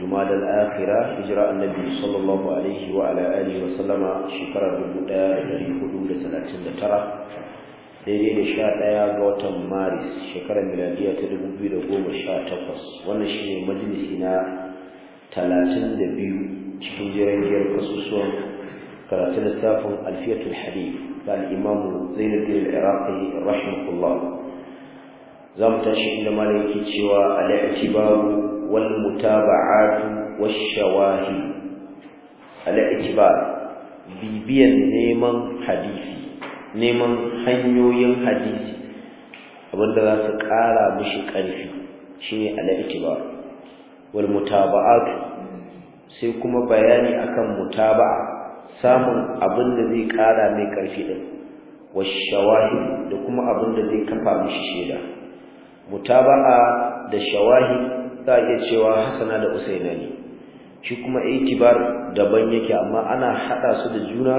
جمال الآخرة إجراء النبي صلى الله عليه وعلى آله وسلم شكرا بمدى لديه حدود ثلاثين ترى daidai da sha ɗaya ga watan maris shekarar miladiya ta dubu biyu da goma sha takwas wannan shi ne majalisi na talatin da biyu cikin jiran giyar kasusuwan karatun littafin alfiyatul hadith da al'imamu zainuddin al'iraqi rahimahullah za mu tashi inda malam yake cewa al-i'tibaru wal mutaba'atu wash shawahi al bibiyan neman hadisi neman hanyoyin hadisi abinda za su ƙara mishi ƙarfi shine al-i'tibar wal mutaba'atu sai kuma bayani akan mutaba'a samun abin da zai ƙara mai ƙarfi din wash shawahi da kuma abin da zai kafa mishi shaida mutaba'a da shawahi za a iya cewa hasana da usaina ne shi kuma itibar daban yake amma ana haɗa su da juna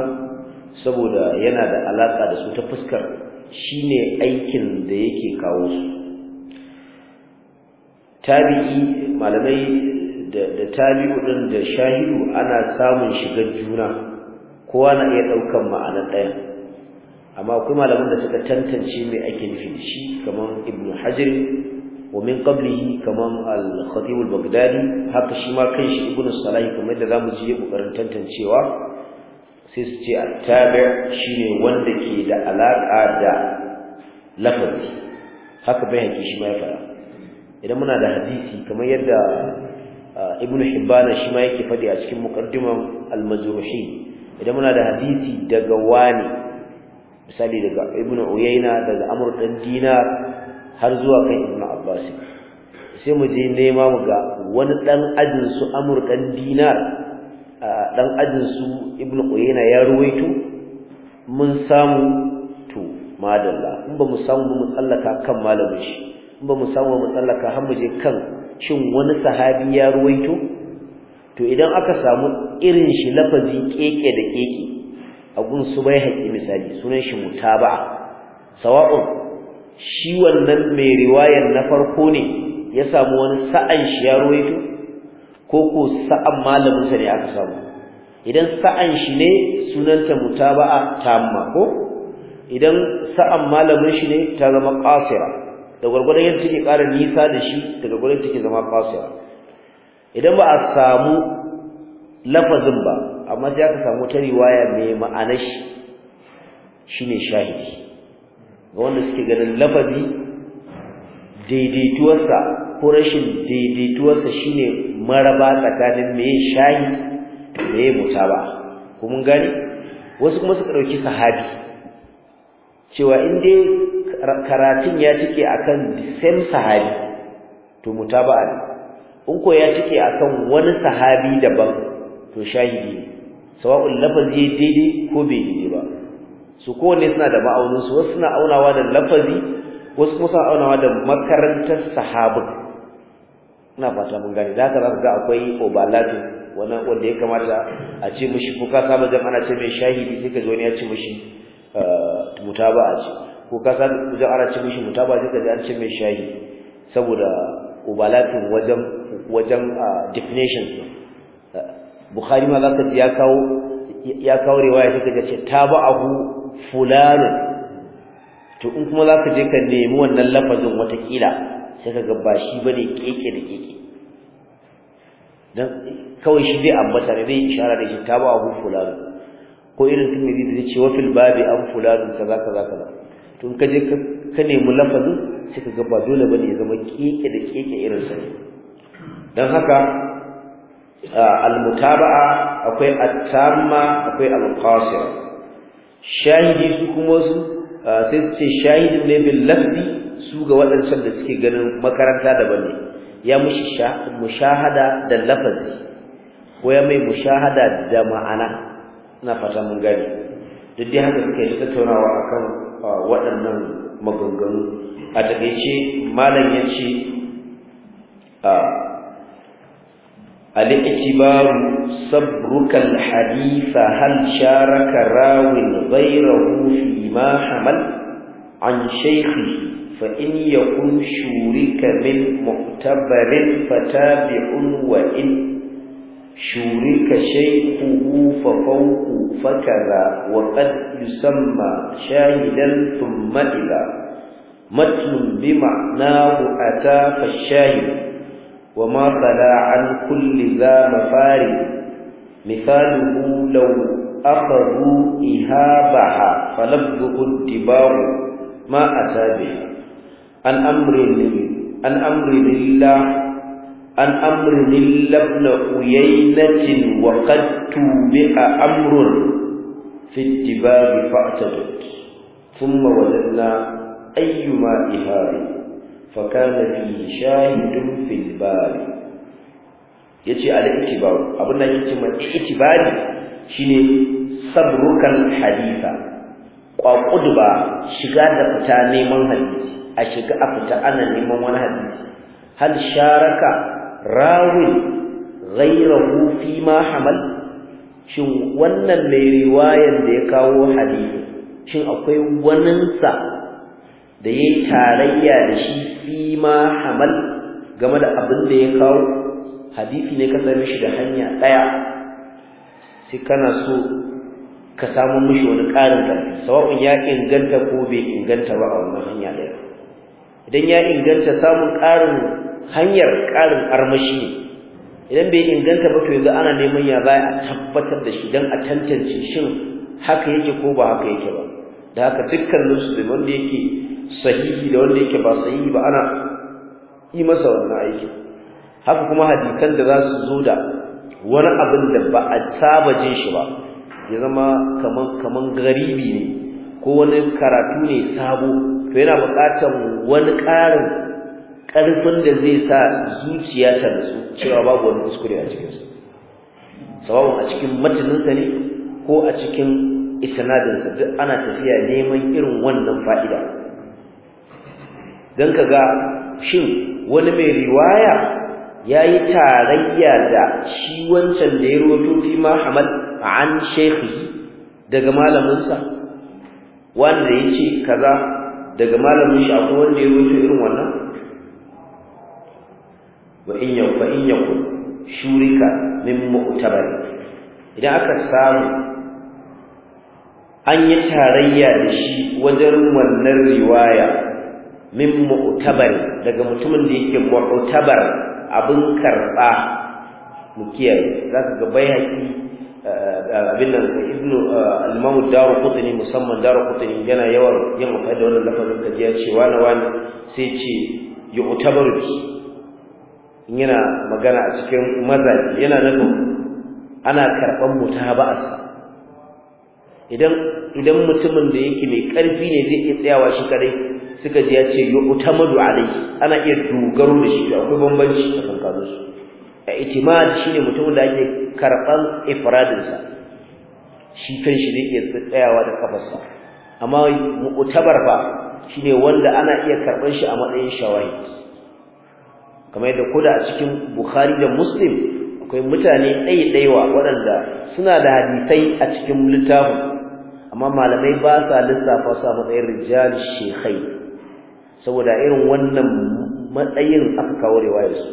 saboda yana da alaƙa da su ta fuskar shi ne aikin da yake kawo su tabi'i malamai da tabi'u ɗin da shahidu ana samun shigar juna kowa na iya ɗaukan ma'anar ɗaya amma akwai malaman da suka tantance mai ake nufi da shi kamar ibn hajar wa min qablihi kamar al-khatib al-baghdadi haka shi ma kan shi ibn salah kamar da zamu ji kokarin tantancewa sai su ce at-tabi' shine wanda ke da alaka da lafazi haka bai haƙi shi ma ya fara idan muna da hadisi kamar yadda ah, ibn hibban shi ma yake fadi a cikin muqaddiman al-majruhi idan muna da hadisi daga wani misali daga ibnu uyayna daga amr dan dinar har zuwa kai ibnu abbas sai mu je nema mu ga wani dan ajin su amr dan dinar dan ajin su ibnu uyayna ya ruwaito mun samu to madalla in ba mu samu mu tsallaka kan malamin shi in ba mu samu mu tsallaka har mu je kan shin wani sahabi ya ruwaito to idan aka samu irin shi lafazi keke da keke a su bai haƙi misali sunan shi mutaba sawa'un shi wannan mai riwayar na farko ne ya samu wani sa'an shi ya rawaito ko ko sa'an malamin sa ne aka samu idan sa'an shi ne ta mutaba'a tamma ko idan sa'an malamin shi ne ta zama qasira da gurgurdan yadda take ƙara nisa da shi da gurgurdan take zama qasira idan ba a samu lafazin ba amma sai aka samu ta riwaya mai ma'anar shi shine shahidi ga wanda suke ganin lafazi daidaituwarsa ko rashin daidaituwarsa shine maraba tsakanin mai shahidi meye mutaba ko mun gani wasu kuma suka ɗauki sahabi cewa in dai karatun ya a akan same sahabi to ne in ko ya a akan wani sahabi daban to shahidi sawa'ul lafazi daidai ko bai daidai ba su kowanne suna da ma'aunin su wasu suna aunawa da lafazi wasu kuma suna aunawa da makarantar sahabin ina fata mun gane da haka za ga akwai obalati wani wanda ya kamata a ce mishi ko ka saba jam ana ce mai shahidi sai ka ji wani ya ce mishi eh, mutaba a ce ko ka saba jam ana ce mishi mutaba sai ka ji an ce mai shahidi saboda overlapping wajen wajen ah, definitions eh, bukhari ma zaka ya kawo ya kawo riwaya take ce abu fulan to in kuma zaka je ka nemi wannan lafazin kila sai ka ba shi bane keke da keke dan kawai shi zai ambata ne zai ishara da shi abu fulan ko irin tumiri da ce wa fil babi an fulan kaza kaza kaza to in ka je ka nemi lafazin sai ka ba dole bane ya zama keke da keke irin sa dan haka al-mutaba'a akwai at-tamma akwai al qasir shahidi su kuma su sai ce shahidi ne bil lafzi su ga waɗancan da suke ganin makaranta daban ne ya mushi mushahada da lafazi ko ya mai mushahada da ma'ana na fata mun gani duk dai haka suke tattaunawa akan waɗannan maganganu a taƙaice malam ya al’ikibaru sabrukan hadifa hal sharaka rawin zairahu fi ma an shaikhi fa in ya kun shurika min muktabarin fata bi unwa’in shurika shaikuhu fa fauku wa ƙad yusamma shahidan tummadila matlun bi ma’anahu a tafa shahidan وما خلا عن كل ذا مفارق مثاله لو أخذوا إهابها فلبه اتباع ما أتى به عن أمر عن أمر لله عن أمر لله ابن أيينة وقد توبئ أمر في اتباع فاعتدت ثم وجدنا أيما إهابه fakana fi shahidun fil bari yace al-itibar abin da yake cewa itibari shine sabrukan haditha kwakudba shiga da fita neman hadisi a shiga a fita ana neman wani hadisi hal sharaka rawin ghayrahu fi ma hamal shin wannan mai riwayan da ya kawo hadisi shin akwai waninsa da yayi tarayya da shi fi ma hamal game da abin da ya kawo hadisi ne ka same shi da hanya daya sai kana so ka samu mishi wani ƙarin ƙarfi sawa'un ya inganta ko bai inganta ba a wannan hanya ɗaya idan ya inganta samun ƙarin hanyar ƙarin armashi ne idan bai inganta ba to yanzu ana neman ya za a tabbatar da shi don a tantance shin haka yake ko ba haka yake ba da haka dukkan su da wanda yake sahihi da wanda yake ba sahihi ba ana yi masa wannan aiki haka kuma hadisan da za su zo da wani abin da ba a saba jin shi ba ya zama kaman garibi ne ko wani karatu ne sabo to yana buƙatar wani ƙarin ƙarfin da zai sa zuciya ta nutsu cewa babu wani kuskure a su Sababin a cikin mataninsa ne ko a cikin isanadinsa duk ana tafiya neman irin wannan fa'ida don ka ga shin wani mai riwaya ya yi tarayya da shi wancan da ya roto fi ma an shekhi daga malaminsa wanda ya ce kaza daga malamin shi akwai wanda ya roto irin wannan wa in yau fa in yau shurika min mu'tabari idan aka samu an yi tarayya da shi wajen wannan riwaya min mu'tabar daga mutumin da yake mu'tabar abin karba mukiyar kiyaye zaka ga bayani eh, eh, abin nan ibnu eh, al Daru daruqutni musamman qutni yana yawan yin amfani da wannan lafazin kaji ya ce wani wani sai ce yu'tabar yana magana a cikin mazaji yana nufin ana karban mutaba'arsa idan idan mutumin da yake mai karfi ne zai iya tsayawa shi kare suka ji ya ce yu'tamadu alayhi ana iya dogaro da shi akwai bambanci a kankanin su i'timad shine mutumin da ake karɓar ifradinsa shi kan shi ne iya tsayawa da kafarsa amma mu'tabar shi shine wanda ana iya karɓar shi a matsayin shawahi kamar yadda koda a cikin Bukhari da Muslim akwai mutane ɗaiɗaiwa waɗanda suna da hadisai a cikin littafin amma malamai ba sa lissafa su a matsayin rijal shekhai saboda irin wannan matsayin aka kawo riwayar su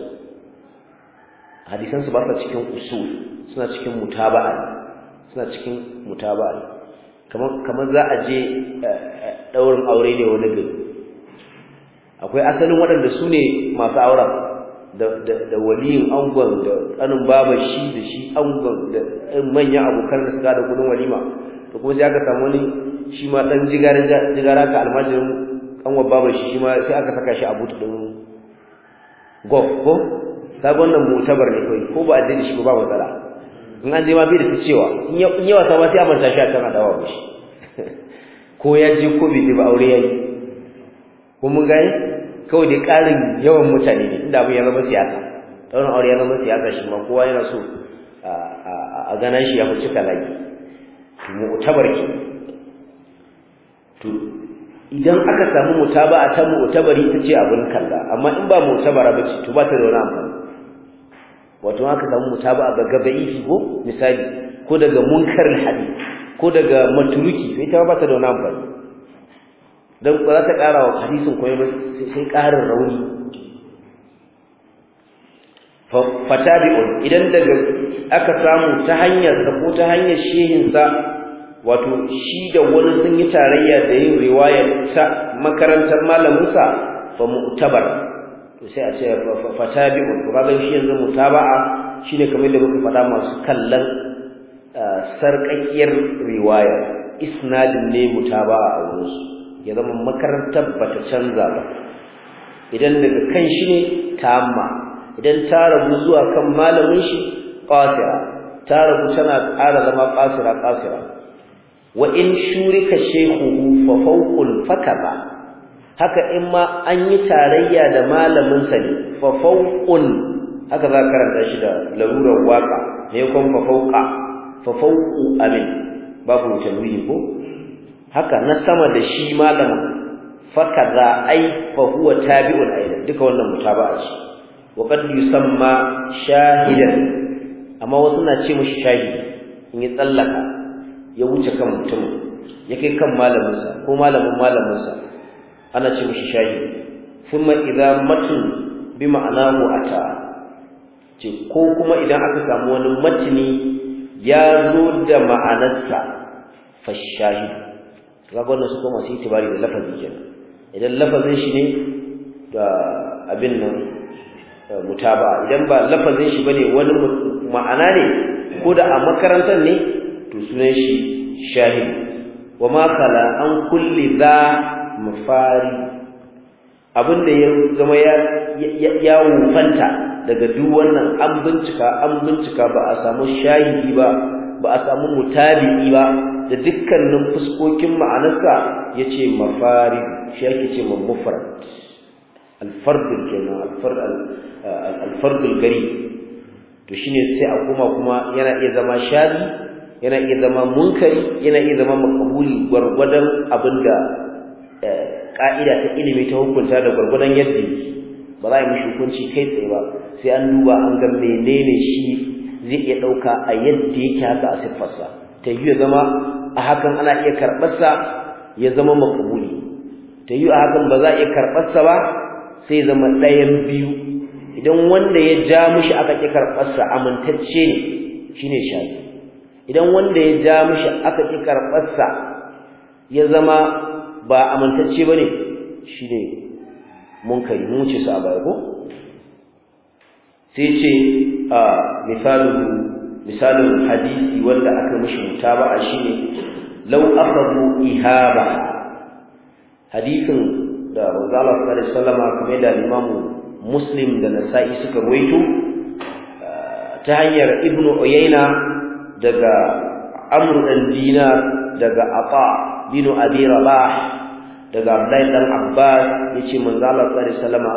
hadisan su ba sa cikin usul suna cikin mutaba'a suna cikin mutaba'a kamar za a je daurin eh, eh, aure ne wani gari akwai asalin waɗanda su ne masu auren da waliyin angon da ƙanin baban shi da shi angon da manyan abokan da suka da kudin walima to kuma sai aka samu wani shi ma ɗan jigara ka almajirin kanwa baban shi shi ma sai aka saka shi a butu din gof ko kaga wannan mutabar ne kai ko ba addini shi ba matsala in an je ma bi da ta cewa in yawa ta ba sai a manta shi a tana dawa shi ko ya je ko bai ba aure yayi ko mun ga kawai dai karin yawan mutane ne inda abin ya zama siyasa tsaurin aure ya zama siyasa shi ma kowa yana so a gana shi ya fi cika lagi mu'tabar ke to idan aka samu mutaba ta mu'tabari ita ce abin kalla amma in ba mu'tabara ba ce to ba ta da wani amfani wato aka samu mutaba ga gaba'i ko misali ko daga munkar hadi ko daga matruki ita ba ta da wani amfani dan ba za ta ƙara wa hadisin ko ba sai ƙarin rauni fatabi'un idan daga aka samu ta hanyar ko ta hanyar shehin sa wato shi da wani sun yi tarayya da yin riwaya ta makarantar Musa fa mu'tabar to sai a ce fatabi'un to kaga shi yanzu mutaba'a shine kamar da muka faɗa masu kallon sarƙaƙiyar riwaya isnadin ne mutaba'a a wurin su ya zama makarantar bata canza ba idan daga kan shi ne tamma idan ta rabu zuwa kan malamin shi qasira ta rabu tana ƙara zama qasira qasira wa in shurika shaykhuhu fa fawqul fakaba haka in ma an yi tarayya da malamin sa ne fa fawqun haka za ka karanta shi da larurar waka ne kon fa fawqa fa fawqu amin babu tanwihi ko haka na sama da shi malamin fakaza ai fa huwa tabi'un aidan duka wannan mutaba'a ce wa qad yusamma shahidan amma wasu na ce mushi shahidi in yi tsallaka ya wuce kan mutum ya kai kan malaminsa ko malamin malaminsa ana ce mishi shayi thumma idza matun bi ma'anahu ata ce ko kuma idan aka samu wani matini ya zo da ma'anarsa fa shayi kaga wannan su kuma su tibari da lafazi kenan idan lafazin shi ne da abin nan mutaba idan ba lafazin shi bane wani ma'ana ne ko da a makarantar ne to sunan shi shahid wa ma kala an kulli za mafari abin da ya zama ya ya wufanta daga duk wannan an bincika an bincika ba a samu shahidi ba ba a samu mutabi'i ba da dukkanin fuskokin ma'anarsa ce mafari shi yake ce mufrad alfardul kenan gari to shine sai a kuma kuma yana iya zama shadi yana iya zama munkari yana iya zama makabuli gwargwadon da ƙa'ida eh, ta ilimi ta hukunta da gwargwadon yadda yake ba za a yi mishi hukunci kai tsaye ba sai an duba an ga menene shi zai iya ɗauka a yadda yake haka a siffarsa ta yi ya zama a hakan ana iya karɓarsa ya zama makabuli ta yi a hakan ba za a iya karɓarsa ba sai zama ɗayan biyu idan wanda ya ja mishi aka ƙi karɓarsa amintacce ne shine shafi idan wanda ya ja mishi aka ki karɓarsa ya zama ba amintacce bane ne shi ne munkari mun ce su a ko sai ce a misalin misalin hadisi wanda aka mishi mutaba'a shine law akhadhu ihaba hadisin da manzo Allah sallallahu alaihi wasallam da imamu muslim da nasa'i suka gwaitu? ta hanyar ibnu uyayna daga amr dan dinar daga ata bin abi rabah daga abdullahi dan abbas yace manzo Allah sallallahu alaihi wasallama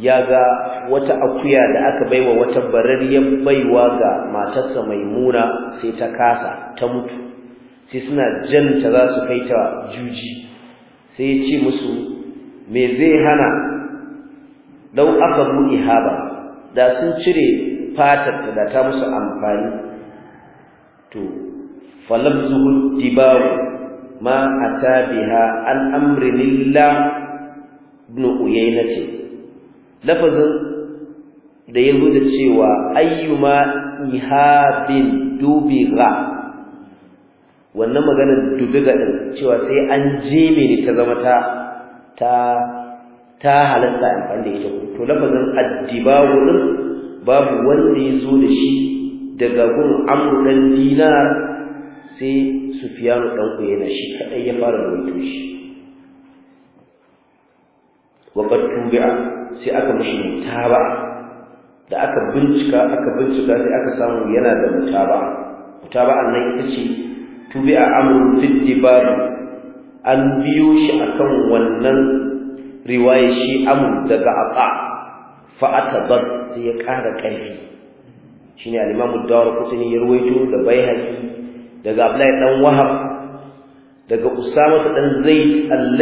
ga wata akuya da aka baiwa wata barariyar baiwa ga matarsa mai muna, sai ta kasa ta mutu sai suna janta za su kai ta juji sai ya ce musu me zai hana lau aka buɗe haba da sun cire fatar da ta musu amfani to falabzuhu tibaru ma ata biha an amri lillah ibn uyayna ce lafazin da yazo da cewa ayyuma ihabin dubiga wannan maganar dubiga din cewa sai an je ni ta zama ta ta halatta amfani da ita to lafazin addibawu babu wanda yazo zo da shi daga gun amru dan dinar sai sufiyanu dan yana shi kadai ya fara rawaito shi wa tubi'a sai aka mishi taba da aka bincika aka bincika sai aka samu yana da mutaba mutaba annan ita ce tubi'a amru tiddibar an biyo shi a kan wannan riwaya shi amru daga aqa fa ba sai ya ƙara ƙarfi shine al-Imam ad-Darqutni ya ruwaito da Baihaqi daga Abdullah dan Wahab daga Usama dan Zaid al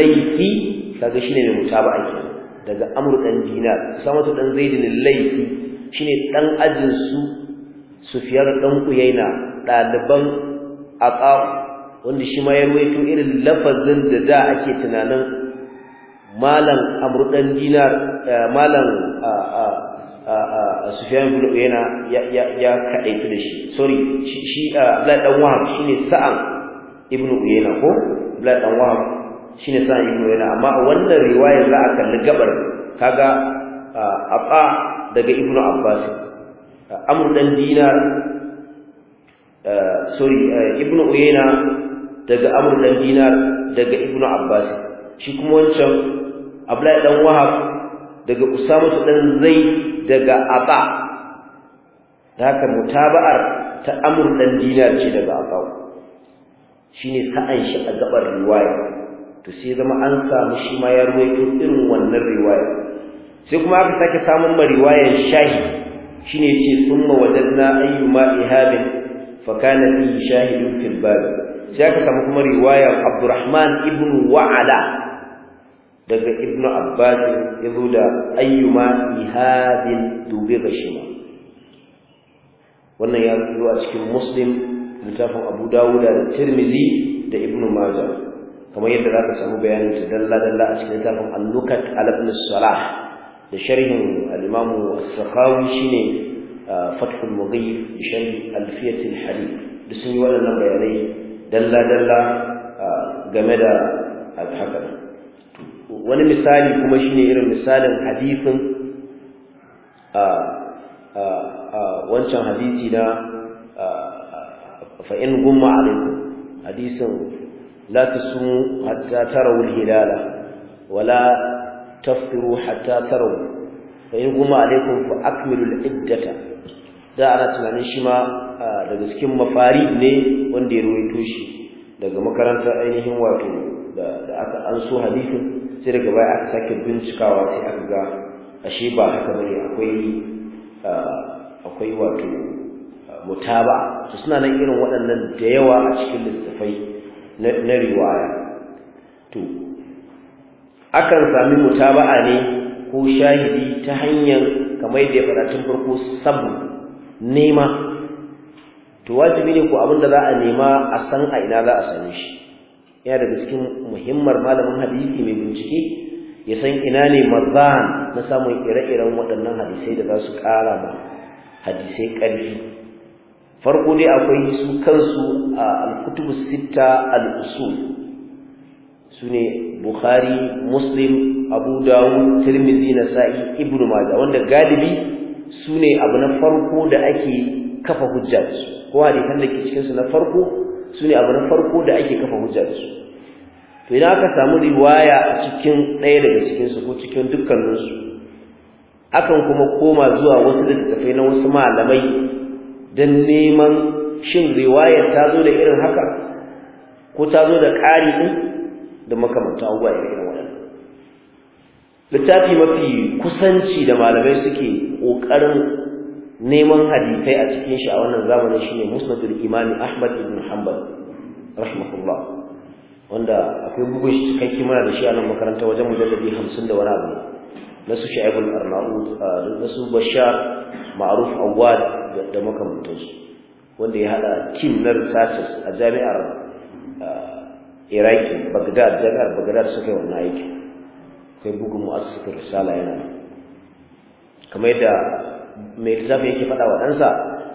ga shi shine mai mutaba'a kenan daga Amr dan Dinar Usama dan Zaid al shi shine dan ajin su Sufyan dan Uyaina daliban Aqa wanda shi ma ya ruwaito irin lafazin da da ake tunanin malam Amr dan Dinar eh, malam ah, ah, Sufyan Bulu yana ya ya kadaitu da shi sorry shi a dan Wahab shine Sa'an ibn Uyena ko Abdullah Wahab shi shine Sa'an ibn Uyena, amma wannan riwayar za a kalli gabar kaga Abba daga Ibn Abbas Amr Dinar sorry Ibn Uyena daga Amurdan Dinar daga Ibn Abbas shi kuma wancan a dan Wahab daga usama dan zai daga aba da mutaba'ar ta amr dan dinar ce daga aba shine sa'an shi a gabar riwaya to sai zama an samu shi ma ya ruwaito irin wannan riwaya sai kuma aka sake samun ma riwayar shahi shine yace thumma wajadna ayyuma ihabin fa kana fi fil bab sai aka samu kuma riwayar Abdurrahman ibn Wa'ala daga Ibnu abbas ya da ayyuma ihadin dubi gashima wannan ya zo a cikin muslim littafin abu dawuda da tirmidhi da Ibnu majah kamar yadda za ka samu bayanin ta dalla dalla a cikin littafin al ibn salah da sharhin al-imamu as-sakhawi shine fathul mughif da sharhi alfiyat al-hadith duk sun yi waɗannan bayanai dalla dalla game da haka wani misali kuma shine irin misalin hadisin a wancan hadisi na fa in gumma alaikum hadisin la tasumu hatta tarawu hilala wala tafturu hatta tarawu fa in gumma alaikum fa akmilu al za da ana tunanin shi ma daga cikin mafari ne wanda ya ruwaito shi daga makarantar ainihin wato da aka an so hadisin sai daga baya aka sake bincikawa sai aka ga ashe ba haka bane akwai akwai wato mutaba to suna nan irin waɗannan da yawa a cikin littafai na riwaya to akan sami mutaba'a ne ko shahidi ta hanyar kamar da ya faɗa tun farko sabu nema to wajibi ne ko abin da za a nema a san a ina za a same shi ya daga cikin muhimmar malamin hadisi mai bincike ya san ina ne mazan na samun ire-iren waɗannan hadisai da za su ƙara ma hadisai ƙarfi farko dai akwai su kansu a alkutubu sita al'usul su ne bukhari muslim abu dawud tirmidhi sa'i, ibnu majah wanda galibi su ne abu na farko da ake kafa hujja ko hadisan da ke cikinsu na farko su ne abu na farko da ake kafa hujja da su to idan aka samu riwaya a cikin ɗaya daga cikinsu ko cikin dukkaninsu akan kuma koma zuwa wasu littattafai na wasu malamai don neman shin riwayar ta zo da irin haka ko ta zo da ƙari ɗin da makamanta abubuwa irin waɗannan littafi mafi kusanci da malamai suke ƙoƙarin neman hadisai a cikin shi a wannan zamanin shine musnadul imami ahmad ibn hanbal rahimahullah wanda akwai bugun shi cikakke mana da shi a nan makaranta wajen mujalladi hamsin da wani abu na su sha'ibul arnaud da su bashar ma'ruf awad da makamantansu wanda ya hada tim na researchers a jami'ar iraki bagdad jami'ar bagdad suka yi wannan aiki akwai bugun mu'assasatul risala yana kamar yadda mai lissafi yake faɗa wa ɗansa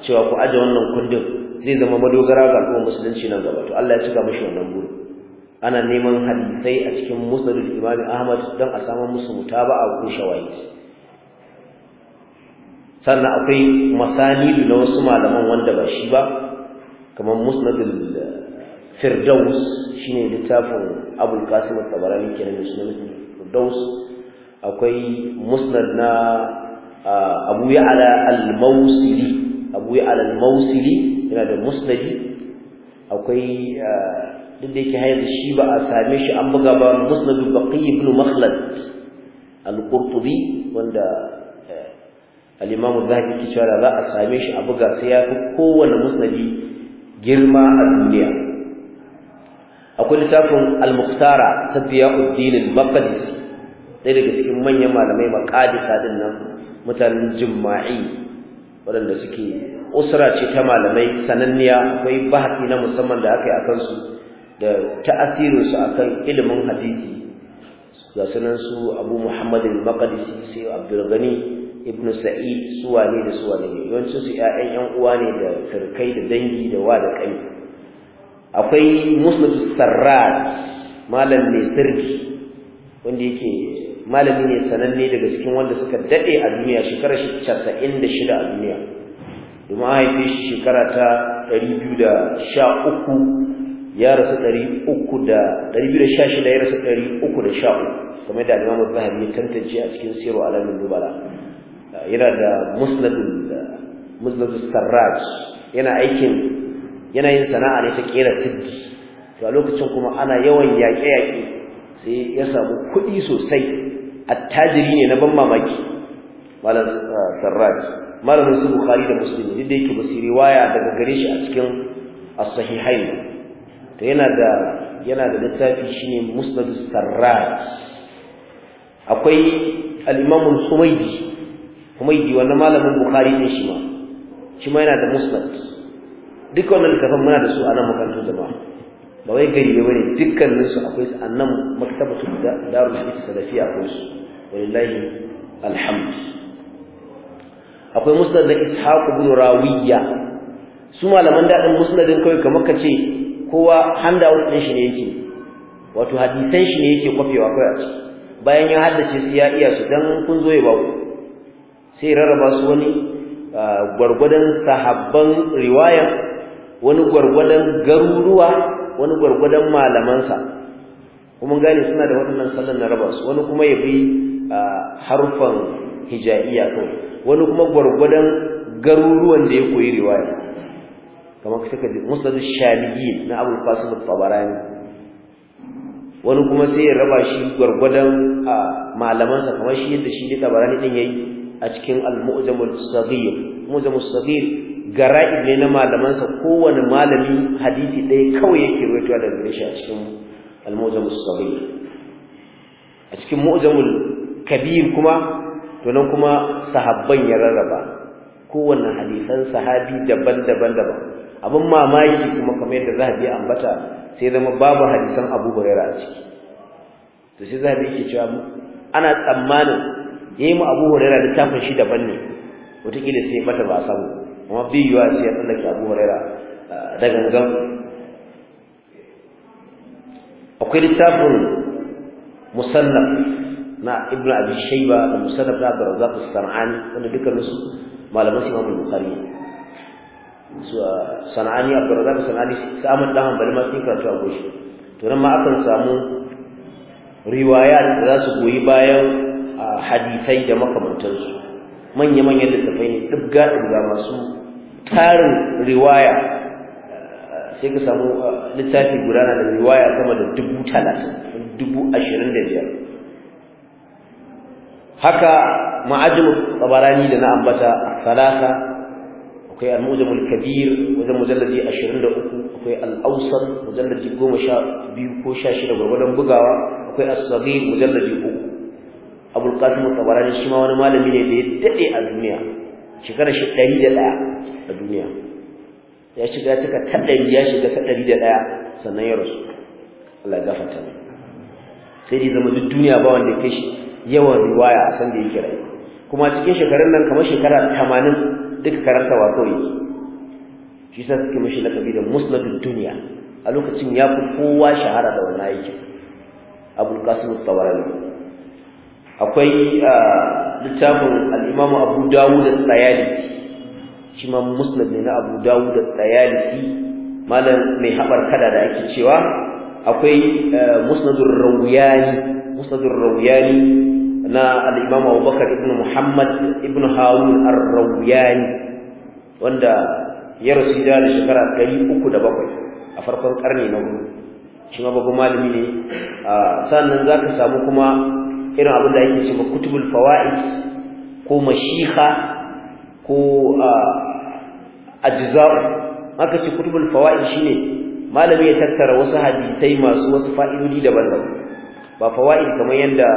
cewa ku aje wannan kundin zai zama madogara ga al'ummar musulunci nan gaba to Allah ya cika mashi wannan buru ana neman hadisai a cikin musnadul imam ahmad don a samar musu mutaba'a ko shawayi sannan akwai masanidu na wasu malaman wanda ba shi ba kamar musnadul firdaus shine littafin abul qasim at-tabarani kenan musnadul firdaus akwai musnad na abu ya ala al mausili abu ya ala al yana da musnadi akwai duk da yake hayar shi ba a same shi an buga ba musnadul baqi ibn makhlad al-qurtubi wanda al-imam zahabi ke cewa za a same shi a buga sai ya fi kowane musnadi girma a duniya akwai littafin al-mukhtara ta diyauddin al-maqdisi ɗaya daga cikin manyan malamai maqadisa din nan mutanen jima'i, waɗanda suke usra ce ta malamai sananniya akwai bahati na musamman da aka yi akan su da ta'asirinsu kan ilimin hadisi ga sunan su Abu Muhammadin al sai Abdul ibn Sa'id ne da suwa ne yawancin su ya'yan yan uwa ne da sirkai da dangi da wa da kai akwai Muslim Sarrat malam ne sirri wanda yake malami ne sananne daga cikin wanda suka dade a duniya shekara 96 a duniya kuma an haife shi shekara ta 213 ya rasu 316 da ya rasu 313 kamar da Imam Zahabi ya tantance a cikin Sirru Alamin Nubala yana da musnadul musnadus sarraj yana aikin yana yin sana'a ne ta kera tiddi to a lokacin kuma ana yawan yaƙe-yaƙe sai ya samu kuɗi sosai attajiri ne na ban mamaki malam ah, sarraj malamin su bukhari da muslim duk da yake basiri waya daga gare shi a cikin as-sahihain to yana da yana da littafi shine musnad sarraj akwai al-imam al-humaydi humaydi wannan malamin bukhari ne shi ma shi ma yana da musnad duk wannan kafan muna da su a nan makarantar jama'a ba wai gari bane dukkanin su akwai su annan su da darul da salafiya akwai su wallahi alhamdu akwai musnad da ishaq ibn rawiya su malaman dadin musnadin kai kamar ka ce, kowa handout din shi ne yake wato hadisan shi ne yake kwafewa kai a ciki bayan ya haddace su ya iya su dan kun zo ya ba ku sai rarraba su wani gwargwadon sahabban riwaya wani gwargwadon garuruwa wani gwargwadon malamansa kuma gane suna da waɗannan sallan na raba su wani kuma ya bi harfan hijaiya to wani kuma gurgudan garuruwan da ya koyi riwaya kamar suka ji musnad shamiyin na abul qasim at-tabarani wani kuma sai ya raba shi gwargwadon malamansa kamar shi yadda shi ne tabarani din yayi a cikin al-mu'jamul saghir mu'jamul saghir gara'ib ne na malamansa kowane malami hadisi ɗaya kawai yake ruwaitowa daga gare shi a cikin al-mu'jam as a cikin mu'jam kabir kuma to nan kuma sahabban ya rarraba kowanne hadisan sahabi daban-daban daban abin mamaki kuma kamar yadda biya ambata sai zama babu hadisan Abu Hurairah a ciki to sai a yake cewa ana tsammanin yayi mu Abu Hurairah littafin shi daban ne wataƙila sai mata ba samu kuma bi yiwa sai ya tsallake abu huraira eh, da gangan akwai littafin musannaf na ibn abi shayba da musannaf na abdur razzaq as-sanani wanda duka su malamai su imam bukhari su eh, sanani abdur razzaq sanani sai amma da hanbali masu yin karatu a goshi to nan ma akan samu riwaya da za su goyi bayan eh, hadisai da makamantansu manya-manyan littafai ne duk ga masu tarin riwaya sai ka samu uh, littafi gudana da riwaya sama da dubu talatin dubu ashirin da biyar haka ma'ajin tsabarani da na ambata salasa akwai al-mujamul kabir wajen mujalladi ashirin da uku akwai al-ausar mujalladi goma sha biyu ko sha shida gwargwadon bugawa akwai as-sagir mujalladi uku abul qasim tsabarani shi ma wani malami ne da ya daɗe a duniya shekarar shi ɗari da ɗaya a duniya ya shiga cika ta ɗari ya shiga ta ɗari da ɗaya sannan ya rasu Allah ya gafarta mai sai dai zama duk duniya ba wanda ya shi yawan riwaya a san da yake rai kuma cikin shekarun nan kamar shekara tamanin duka karanta wa kawai shi sa suke mashi lakabi da musnadin duniya a lokacin ya fi kowa shahara da wannan aikin abul qasim tawarani akwai ah, littafin al'imamu Abu Dawud da Tsayalisi, shi ma musnad ne na Abu Dawud da Tsayalisi. malam mai haɓar kada da ake cewa akwai eh, musnadur rauyani musnadur rauyani na al'imamu Abu Bakar ibn Muhammad ibn Harun ar rauyani wanda ya rasu da shekara ɗari uku da bakwai, a farkon ƙarni na hudu shi ma babu malami ne ah, sannan za ka samu kuma irin abin da yake ba kutubul fawaid ko mashiha ko ajza'u maka ce kutubul fawaid shine malami ya tattara wasu hadisai masu wasu fa'idodi daban-daban ba fawaid kamar yadda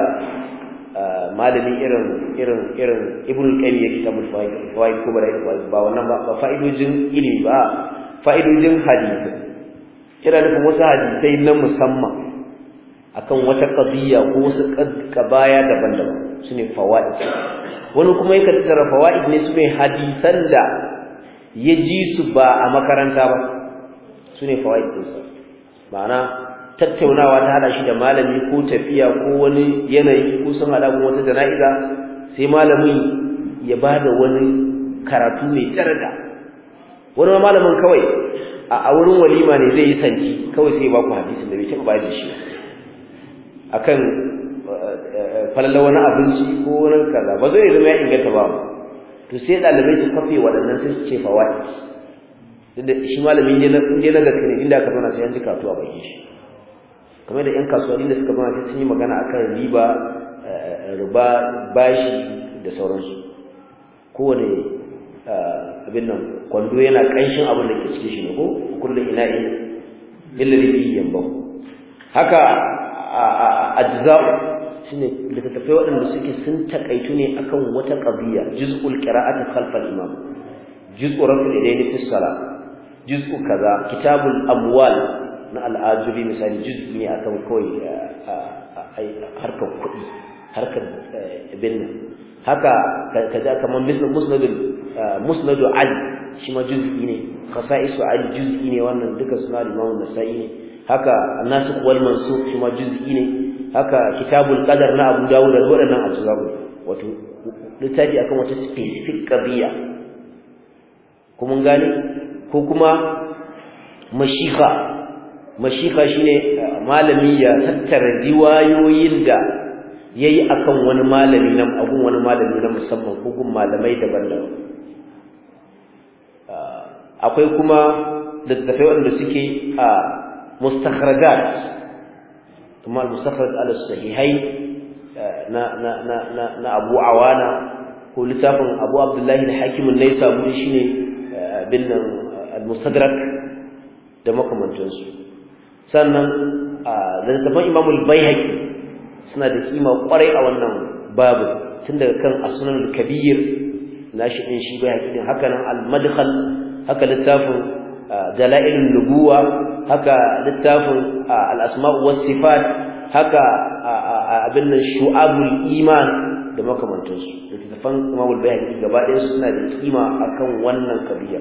malami irin irin irin ibnu qayyim yake ta fawaid fawaid ko bare ba wannan ba fa'idojin ilimi ba fa'idojin hadisi kira da wasu hadisai na musamman akan wata qadiyya ko wasu kabaya daban-daban sune fawaid wani kuma yake tattara fawaid ne su mai hadisan da ya ji su ba a makaranta ba sune fawaid din ma'ana tattaunawa ta hada shi da malami ko tafiya ko wani yanayi ko sun hada wata jana'iza sai malamin ya bada wani karatu mai tsarda wani malamin kawai a wurin walima ne zai yi sanci kawai sai ba ku hadisin da bai taba bayar da shi akan eh, eh, falalla wani abinci ko wani kaza ba zai zama ya inganta ba to sai dalibai su kafe waɗannan sai su ce fawaid inda shi malami ne na inda na gaske ne inda aka zauna sai an ji kasuwa baki shi kamar da yan kasuwa inda suka zauna sai sun yi magana akan riba eh, riba bashi da sauransu kowane abin nan kwando yana ƙanshin abin da ke cikin shi ne ko kullum ina in illa libi yambo haka ajza'u shine littattafai waɗanda suke sun takaitu ne akan wata qadiya juz'ul qira'ati khalfal imam juz'u raf'u ilayhi fi salat juz'u kaza kitabul amwal na al'ajubi misali juz'i ne akan kawai harkar kuɗi harkar eh, binne haka kaza kamar musnadul eh, musnadu ali shi ma juz'i ne khasa'isu ali juz'i ne wannan duka suna da imamu nasa'i ne haka nasikh wal mansukh kuma juz'i ne haka kitabul qadar na Abu Dawud da waɗannan ajzabu wato littafi akan wata specific qadiya kuma gane ko kuma mashika mashika shine uh, malami ya tattara riwayoyin da yayi akan wani malami nan abun wani malami na musamman ko gun malamai daban-daban uh, akwai kuma littattafai wanda suke a uh, مستخرجات ثم المستخرج على الصحيحين na na Abu Awana ko littafin Abu Abdullahi al-Hakim an-Naisaburi shine bin al-Mustadrak da makamantansu sannan da littafin Imam al suna da kima kwarai a wannan babu tun daga kan As-Sunan al-Kabir nashi din shi Baihaqi din haka nan al haka littafin dalailul nubuwa haka littafin al-asma'u was sifat haka abin nan shu'abul iman da makamantansu littafan Imam al-Bayhaqi gaba ɗaya suna da kima akan wannan kabiya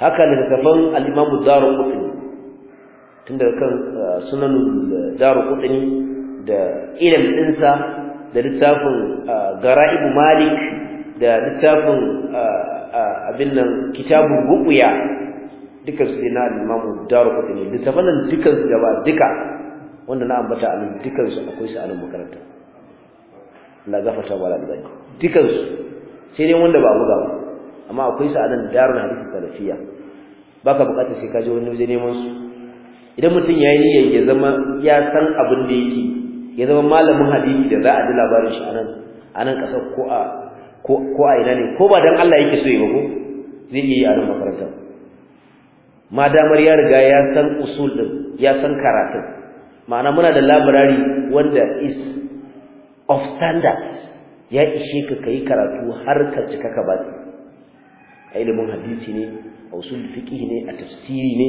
haka littafan al-Imam ad tun tunda kan sunanul Darqutni da ilm ɗinsa da littafin Gara'ib Malik da littafin abin nan kitabul buƙuya dukan su na Imam Darqutni nan dukan su gaba duka wanda na ambata a nan dukan su akwai su a nan makaranta Na gafarta wa Allah zaki su sai dai wanda ba buga ba amma akwai su a nan darul hadith salafiya baka bukatar sai ka je wani waje neman su idan mutum ya yi niyyar ya zama ya san abin da yake ya zama malamin hadisi da za a ji labarin shi a nan a nan kasar ko a ko a ina ne ko ba dan Allah yake so yi ba ko zai iya yi a nan makarantar ma damar ya riga ya san usul din ya san karatun ma'ana muna da labarari wanda is of standard ya ishe ka kai karatu har ka cika ka ba a ilimin hadisi ne a usul fiqh ne a tafsiri ne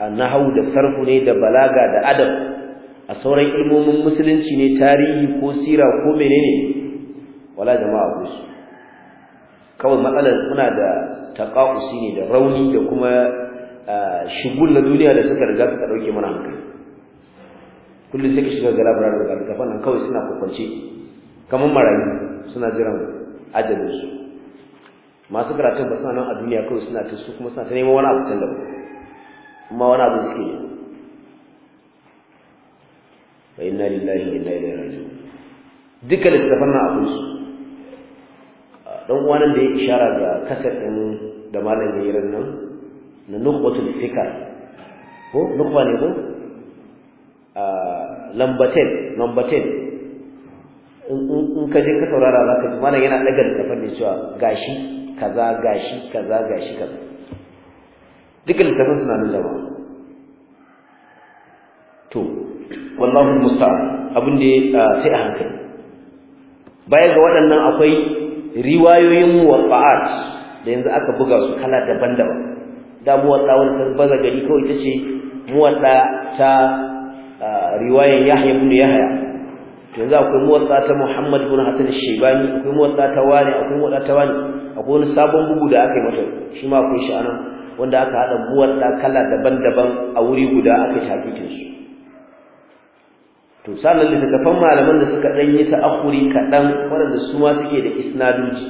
a nahwu da sarfu ne da balaga da adab a sauran ilmomin musulunci ne tarihi ko sira ko menene wala jama'a ku kawai matsalar muna da taqa'usi ne da rauni da kuma shigul na duniya da suka riga suka dauke mana hankali kullum sai ka shiga galabara da gargafa nan kawai suna kwakwance kamar marayu suna jiran ajalinsu masu karatun ba suna nan a duniya kawai suna ta su kuma suna ta neman wani abu can daban kuma wani abu suke yi wa inna lillahi wa inna ilaihi raji'un duka littafan na abin su dan uwanan da ya ishara ga kasar din da malam yayin nan na nukwatul fikar ko nukwa ne ko lambatin lambatin in ka je ka saurara za ka ji malam yana daga da kafar cewa gashi kaza gashi kaza gashi kaza dukkan littafin suna nan ba to wallahu musta abin da sai a hankali baya ga waɗannan akwai riwayoyin muwaffa'at da yanzu aka buga su kala daban-daban da muwatta wani ta baza gari kawai tace ce muwatta ta riwayar yahya ibn yahya yanzu akwai muwatta ta muhammad ibn hasan shaybani akwai muwatta ta wani akwai muwatta ta wani akwai wani sabon bugu da aka yi mata shi ma akwai shi anan wanda aka hada muwatta kala daban-daban a wuri guda aka ta shi to sannan littattafan malaman da suka dan yi ta'akhuri kadan wanda su ma suke da isnadoji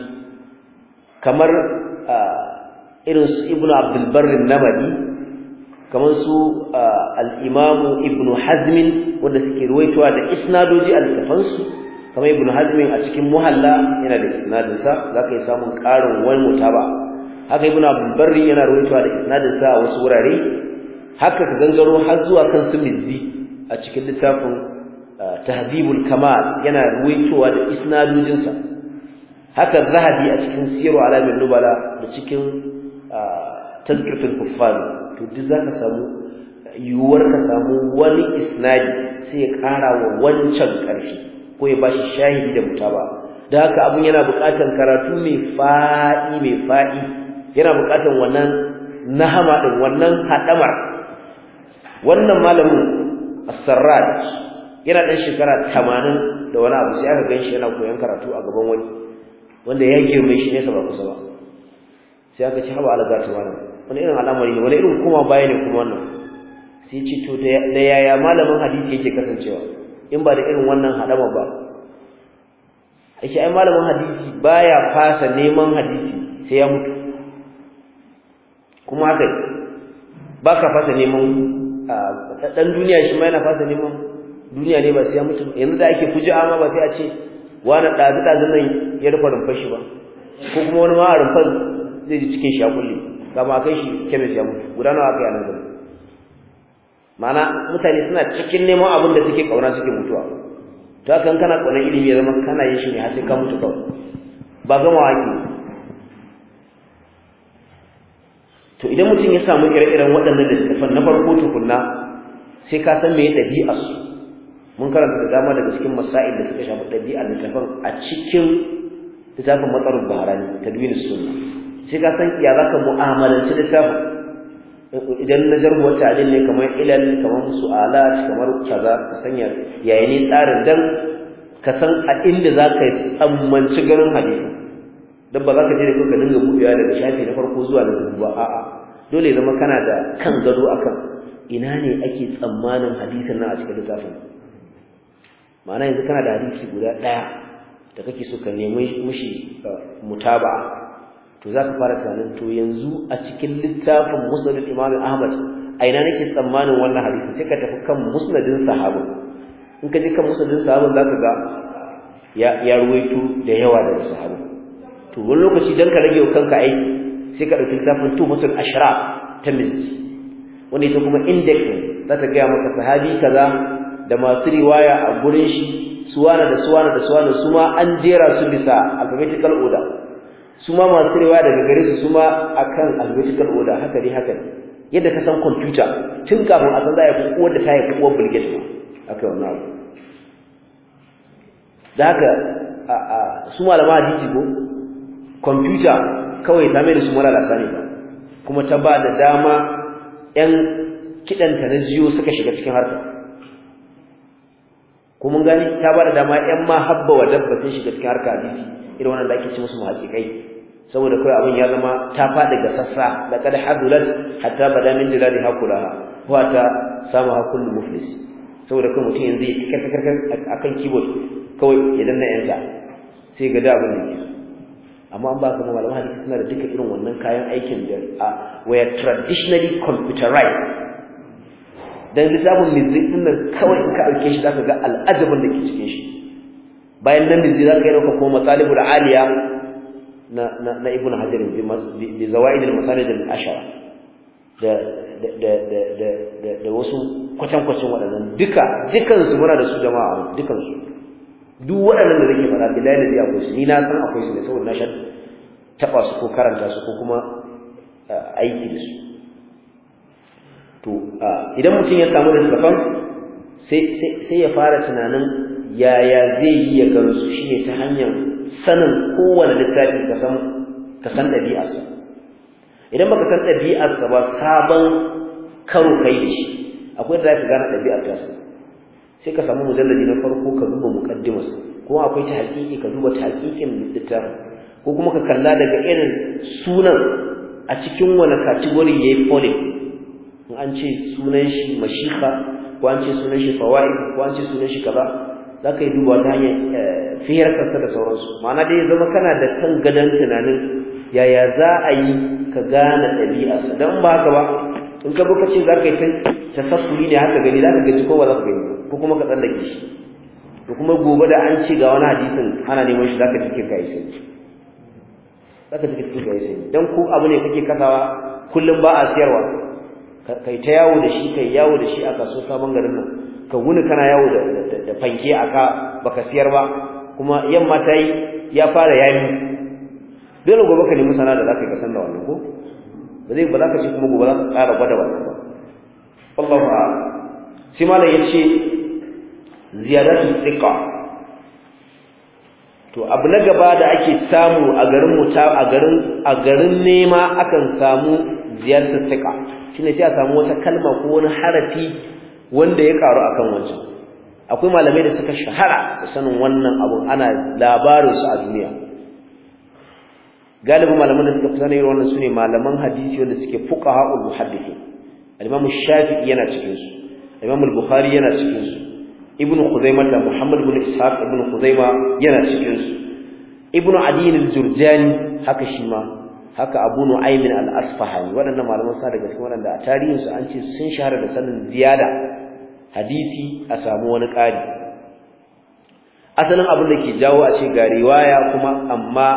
kamar irin su ibnu abdul barri namadi kamar su ah, al ibn ibnu hazmin wanda suke ruwaitowa da isnadoji a kafansu kamar ibnu hazmin a cikin muhalla yana da isnadinsa za ka yi samun ƙarin wani ba. haka ibnu abdul yana ruwaitowa da isnadinsa a wasu wurare haka ka gangaro har zuwa kan su mizzi a cikin littafin ah, tahdhibul kamal yana ruwaitowa da isnadojinsa haka zahabi a cikin siyarwa alamin nubala da cikin tazkirtul kuffar to duk zaka samu yuwar ka samu wani isnadi sai ya kara wa wancan karfi ko ya bashi shahidi da mutaba da haka abun yana buƙatar karatu mai fa'i mai fa'i yana buƙatar wannan nahama din wannan hadama wannan malamin as-sarraj yana dan shekara 80 da wani abu sai aka ganshi yana koyon karatu a gaban wani wanda ya girme shi ne ba kusa ba sai aka ci haba algatu wannan wani irin al'amari ne wani irin kuma baya ne kuma wannan sai ce to da yaya malamin hadisi yake kasancewa in ba da irin wannan hadama ba ashe ai malamin hadisi baya fasa neman hadisi sai ya mutu kuma haka ba ka fasa neman dan duniya shi ma yana fasa neman duniya ne ba sai ya mutu yanzu da ake fuji ma ba sai a ce wani ɗazu ɗazu nan ya rufa rumfashi ba ko kuma wani ma a rumfar zai ji cikin shi a kulle kama kai shi kemis ya mutu guda nawa kai anan gaba ma'ana mutane suna cikin neman abin da suke kauna suke mutuwa ta kan kana kauna ilimi ya zama kana yin shi ne har sai ka mutu kawai ba gama waki to idan mutum ya samu ire-iren waɗannan littattafan na farko tukunna sai ka san me ɗabi'a su mun karanta da dama daga cikin masail da suka shafi ɗabi'a littattafan a cikin littafin matsalar baharani tadwin sunna Shi ka san ya zaka mu'amalanci littafin idan na jarhu wata adin ne kamar ilal kamar su'ala, kamar kaza ka sanya yayi ne tsarin dan ka san a inda za tsammanci garin hadisi dan ba za ka je da kuka dinga buɗewa daga shafi na farko zuwa na a'a dole zama kana da kan gado akan ina ne ake tsammanin hadisin nan a cikin littafin ma'ana yanzu kana da hadisi guda ɗaya da kake so ka nemi mushi eh, mutaba to za ka fara tunanin to yanzu a cikin littafin musnadin imam ahmad a ina nake tsammanin wannan hadisi sai ka tafi kan musnadin sahabin in ka je kan musnadin sahabin za ka ga ya ruwaito da yawa daga sahabin to wani lokaci don ka rage wa kanka aiki sai ka ɗauki littafin tuhmatul ashra ta minti Wani ita kuma index ne za ta gaya maka sahabi kaza da masu riwaya a gurin shi suwana da suwana da suwana su ma an jera su bisa alphabetical order su ma masu rewa daga gare su su ma kan alphabetical oda haka ne haka ne yadda ka san kwamfuta, tun kafin a san za a yi da ta yi uwar bilgit ma kai wannan abu da haka su malama hadisi ko Kwamfuta kawai ta mai da su mara lasa ne ba kuma ta ba da dama 'yan kiɗanta na jiyo suka shiga cikin harkar ko mun gani ta ba da dama ƴan ma habba wa dabba sun shiga cikin harka hadisi irin wannan da ake ci musu mahaƙiƙai. saboda kawai abin ya zama ta faɗi ga sassa da kada hadulat hatta bada min dilali hakulaha ko ta samu hakul muflis saboda kawai mutum yanzu ya kika a akan keyboard kawai ya danna yansa sai ga da abin da ke amma an ba ka malaman hadisi suna da duka irin wannan kayan aikin da were traditionally computerized dan littafin mizri din nan kawai in ka auke shi zaka ga al'ajabin da ke cikin shi bayan nan mizri zaka yi ɗauka ko talibul aliya na na na ibnu hajar bi zawaid al masanid al ashara da da da da da da wasu kwatan kwatan waɗannan duka dukan su muna da su jama'a dukan su duk waɗannan da zake fara bilahi da akwai su ni na san akwai su ne saboda na shan taba su ko karanta su ko kuma eh, aiki da su to idan mutum ya samu littafan sai ya fara tunanin yaya zai yi ya gansu shi ne ta hanyar sanin kowane littafi ka san ɗabi'arsa idan baka san ɗabi'arsa ba sabon karo kai da shi akwai da za gane ɗabi'ar tasa sai ka samu mujalladi na farko ka duba muqaddimarsa ko akwai ta haƙiƙi ka duba ta haƙiƙin littafin ko kuma ka kalla daga irin sunan a cikin wani kategori ya yi in an ce sunan shi mashika ko an ce sunan shi fawaid ko an ce sunan shi kaza za ka yi duba ta hanyar eh, fiyar kansa da sauransu ma'ana dai zama kana da kan gadon tunanin yaya za a yi ka gane ɗabi'arsa don ba haka ba in ka buka ce za ka yi tasaffuri ne haka gani za ka gaji ko ba za ka gani ko kuma ka tsallake shi ko kuma gobe da an ce ga wani hadisin ana neman shi za ka cikin ka yi sai za ka cikin ka yi sai don ko abu ne kake kasawa kullum ba a siyarwa kai ta yawo da shi kai yawo da shi a kaso sabon garin nan ka wuni kana yawo da da fanke aka baka siyar ba kuma yamma ta yi ya fara yayi dole gobe ka nemi sana'a da zaka ka san da wannan ko ba zai ba za ka ce kuma gobe za ka ƙara gwada wannan ba Allahu a sai malam ya ce ziyaratu thiqa to abu na gaba da ake samu a garin mu a garin a garin nema akan samu ziyaratu thiqa shine sai a samu wata kalma ko wani harafi wanda ya karu akan wancan akwai malamai da suka shahara da sanin wannan abu ana labarin su a duniya galibin malaman da suka fi sanin wannan sune malaman hadisi wanda suke fuqaha'ul muhaddithin al-imam shafi'i yana cikin su al-imam al-bukhari yana cikin su ibn khuzaimah da muhammad ibn ishaq ibn khuzaimah yana cikin su ibn adi al-jurjani haka shi ma haka abu nu'aymin al-asfahani waɗannan malaman sa daga cikin waɗanda a tarihinsu an ce sun shahara da sanin ziyada hadisi a samu wani ƙari asalin abin da ke jawo a ce ga riwaya kuma amma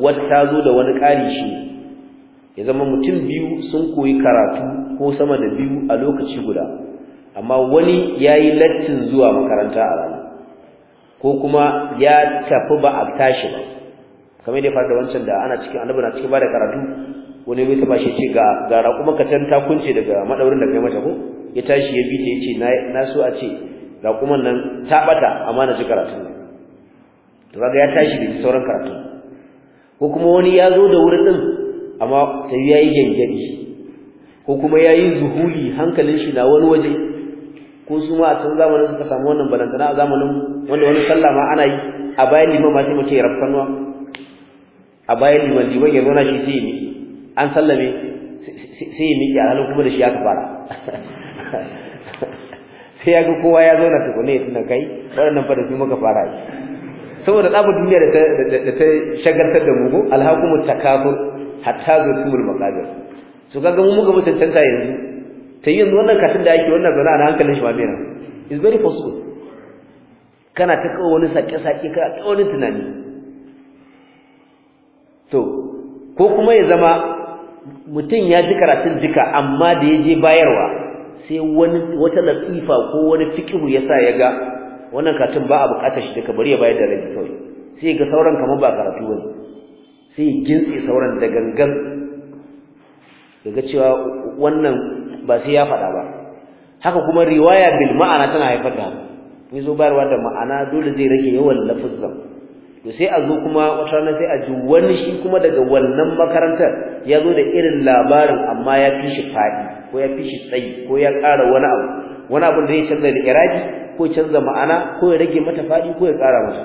wata zo da wani ƙari shi ya zama mutum biyu sun koyi karatu ko sama da biyu a lokaci guda amma wani ya yi lattin zuwa makaranta a rana ko kuma ya tafi ba a tashi ba kamar da faru da wancan da ana cikin annabi na cikin bada karatu wani bai taba shi ce ga ga raƙuma ka can ta kunce daga madaurin da kai mata ko ya tashi ya bi ta yace na na so a ce raƙuman nan ta bata amma na ji karatu to kaga ya tashi bai sauran karatu ko kuma wani ya zo da wurin din amma sai ya yi gengedi ko kuma ya yi zuhuli hankalin shi na wani waje ko su ma a can zamanin suka samu wannan balantana a zamanin wanda wani sallah ma ana yi a bayan limama sai mutum ya rafkanuwa a bayan liman liman ya zauna shi sai miki an sallame sai miki halin kuma da shi ya fara sai ya ga kowa ya zauna su ya tuna kai waɗannan fa da su muka fara yi saboda tsabar duniya da ta shagartar da mu alhakumut takabur hatta zutumul maqabir su ga mu muka mutuntanta yanzu ta yi yanzu wannan katin da ake wannan zana a hankalin shi ma bai is very possible kana ta kawo wani sake-sake ka kawo wani tunani to ko kuma ya zama mutum ya ji karatun duka amma da ya je bayarwa sai wani wata latifa ko wani fikihu ya sa ya ga wannan katun ba a bukatar shi duka bari ya bayar da rabi kawai sai ga sauran kamar ba karatu ba sai gintse sauran da gangan daga cewa wannan ba sai ya faɗa ba haka kuma riwaya bil ma'ana tana haifar da ya zo bayarwa da ma'ana dole zai rage yawan lafazan to sai a zo kuma wata rana sai a ji wani shi kuma daga wannan makarantar ya zo da irin labarin amma ya fi shi faɗi ko ya fi shi tsayi ko ya ƙara wani abu wani abu da ya canza da iraki ko canza ma'ana ko ya rage mata faɗi ko ya ƙara mata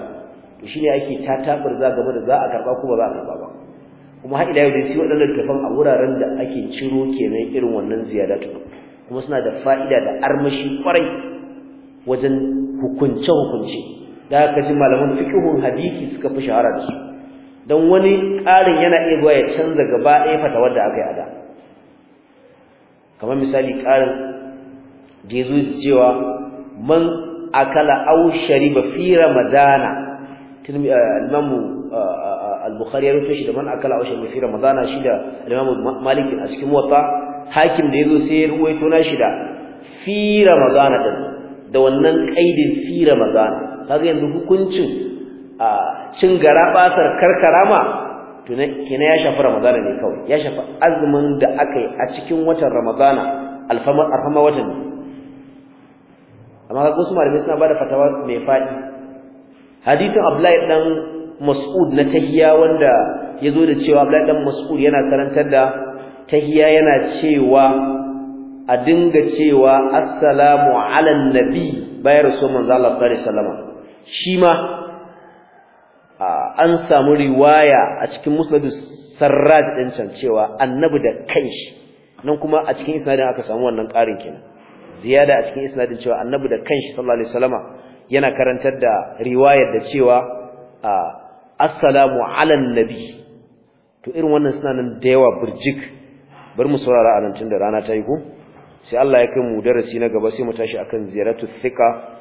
to shine ake tabar za game da za a karɓa ko ba za a karɓa ba kuma har ila yau da shi waɗannan tafan a wuraren da ake ciro kenan irin wannan ziyadatu kuma suna da fa'ida da armashi kwarai wajen hukunce hukunce da aka ji malaman fiqhun hadisi suka fi shahara da su dan wani ƙarin yana iya zuwa ya canza gaba ɗaya fatawa da aka yi a da kamar misali ƙarin da ya zo cewa man akala aw shariba fi ramadana eh, al-imamu eh, al-bukhari ya rufe shi da man akala aw shariba fi ramadana shi da al imam malik a cikin muwatta hakim da yazo sai ya ruwaito na shi da fi ramadana da wannan kaidin fi ramadana kaga yanzu hukuncin a cin gara basar karkarama to kina ya shafi ramadana ne kawai ya shafi azumin da aka yi a cikin watan ramadana alfama alfama watan amma ga wasu malamai suna bada fatawa mai fadi hadithin Abdullahi dan Mas'ud na tahiya wanda yazo da cewa Abdullahi dan Mas'ud yana karantar da tahiya yana cewa a dinga cewa assalamu ala nabi bayar so manzo Allah sallallahu alaihi wasallam shi ma an samu riwaya a cikin musnad sarrat din can cewa annabi da kanshi nan kuma a cikin isnadin aka samu wannan ƙarin kenan ziyada a cikin isnadin cewa annabi da kanshi sallallahu alaihi wasallama yana karantar da riwayar da cewa assalamu ala nabi to irin wannan suna nan da yawa burjik bar mu saurara a da rana ta yi ku sai Allah ya kai mu darasi na gaba sai mu tashi akan ziyaratu thiqa